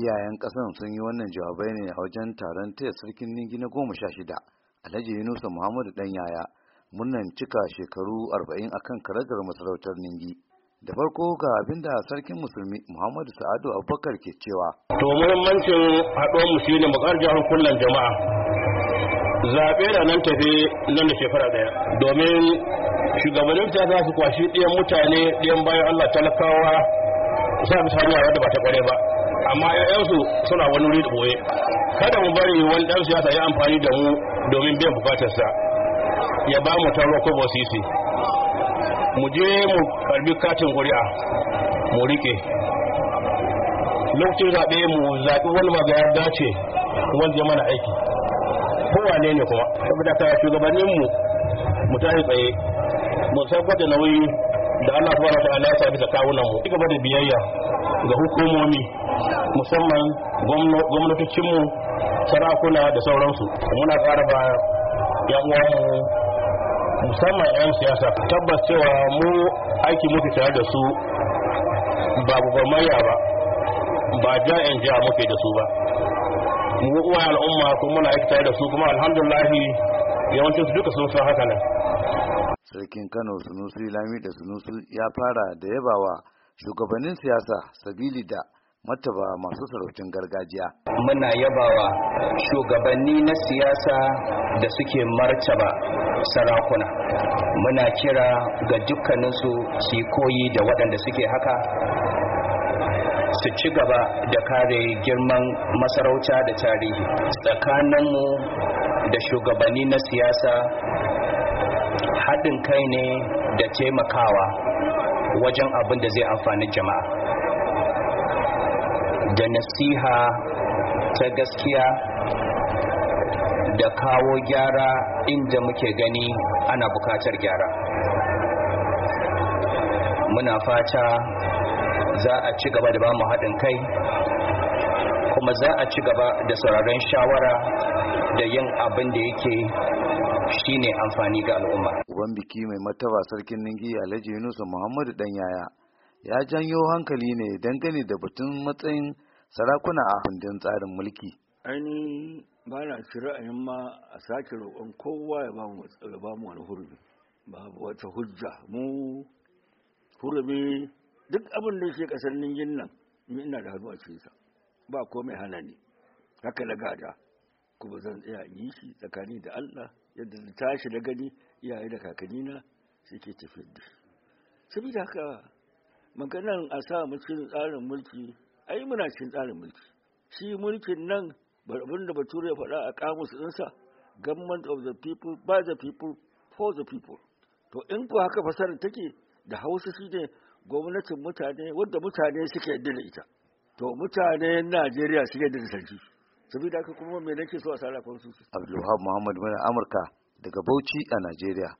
iyayen ƙasan sun yi wannan jawabai ne a wajen taron taya sarkin ningi na goma sha shida alhaji yunusa muhammadu dan yaya murnan cika shekaru arba'in akan karagar masarautar ningi da farko ga abin da sarkin musulmi muhammadu sa'adu abubakar ke cewa to muhimmancin haɗuwar shi ne mu jihar kullum jama'a zaɓe da nan tafi nan da shekara ɗaya domin shugabannin ta za su kwashi ɗiyan mutane ɗiyan bayan allah talakawa sa su samu da ba ta ƙware ba amma 'ya'yansu suna wani wuri da boye kada mu bari wani ɗan siyasa ya amfani da mu domin biyan bukatarsa ya ba mu taro ko bosisi mu je mu karbi katin ƙuri'a mu rike lokacin zaɓe mu zaɓi wani maga ya dace wanda mana aiki kowane ne kuma saboda ka shugabanninmu mu tashi tsaye mu sauƙa da nauyi da Allah subhanahu ta'ala ya bisa kawunan mu gaba da biyayya ga hukumomi musamman gwamnatocin mu sarakuna da sauransu muna fara ba yan mu. musamman yan siyasa tabbas cewa mu aiki muke tare da su ba gwagwarmaya ba ba ja yan ja muke da su ba mu uwa al'umma kuma muna aiki tare da su kuma alhamdulillah yawancin su duka sun san haka nan sarkin kano sunusu lami da sunusu ya fara da yabawa shugabannin siyasa sabili da mataba masu sarautun gargajiya muna yabawa shugabanni na siyasa da suke martaba sarakuna muna kira ga dukkaninsu su yi koyi da waɗanda suke haka su ci gaba da kare girman masarauta da tarihi tsakaninmu da shugabanni na siyasa haɗin kai ne da taimakawa wajen abin da zai amfani jama'a da nasiha ta gaskiya da kawo gyara inda muke gani ana bukatar gyara muna fata za a ci gaba da ba mu haɗin kai kuma za a ci gaba da sauraron shawara da yin abin da yake ne amfani ga al'umma. Uban biki mai mataba sarkin ningi Alhaji Yunusa Muhammadu dan yaya ya janyo hankali ne dangane da batun matsayin sarakuna a kundin tsarin mulki. Ainihin ba na ci ra'ayin ma a sake roƙon kowa ya ba mu wani hurumi Babu wata hujja mu hurumi duk abin da yake kasar ningin nan ina da hannu a cikinsa ba komai hana ne haka na gada kuma zan tsaya in yi shi tsakani da Allah yadda na tashi da gani iyaye da kakannina suke tafiyar da shi saboda haka maganar a sa mu cikin tsarin mulki ai muna cikin tsarin mulki shi mulkin nan abin da bature ya faɗa a kamus ɗinsa government of the people by the people for the people to in ku haka fasarar take da hausa shi ne gwamnatin mutane wadda mutane suke yadda da ita to mutanen najeriya suke yadda da sarki saboda haka kuma me nake so a sarrafa su Abdulwahab Muhammad mai Amurka daga Bauchi a Najeriya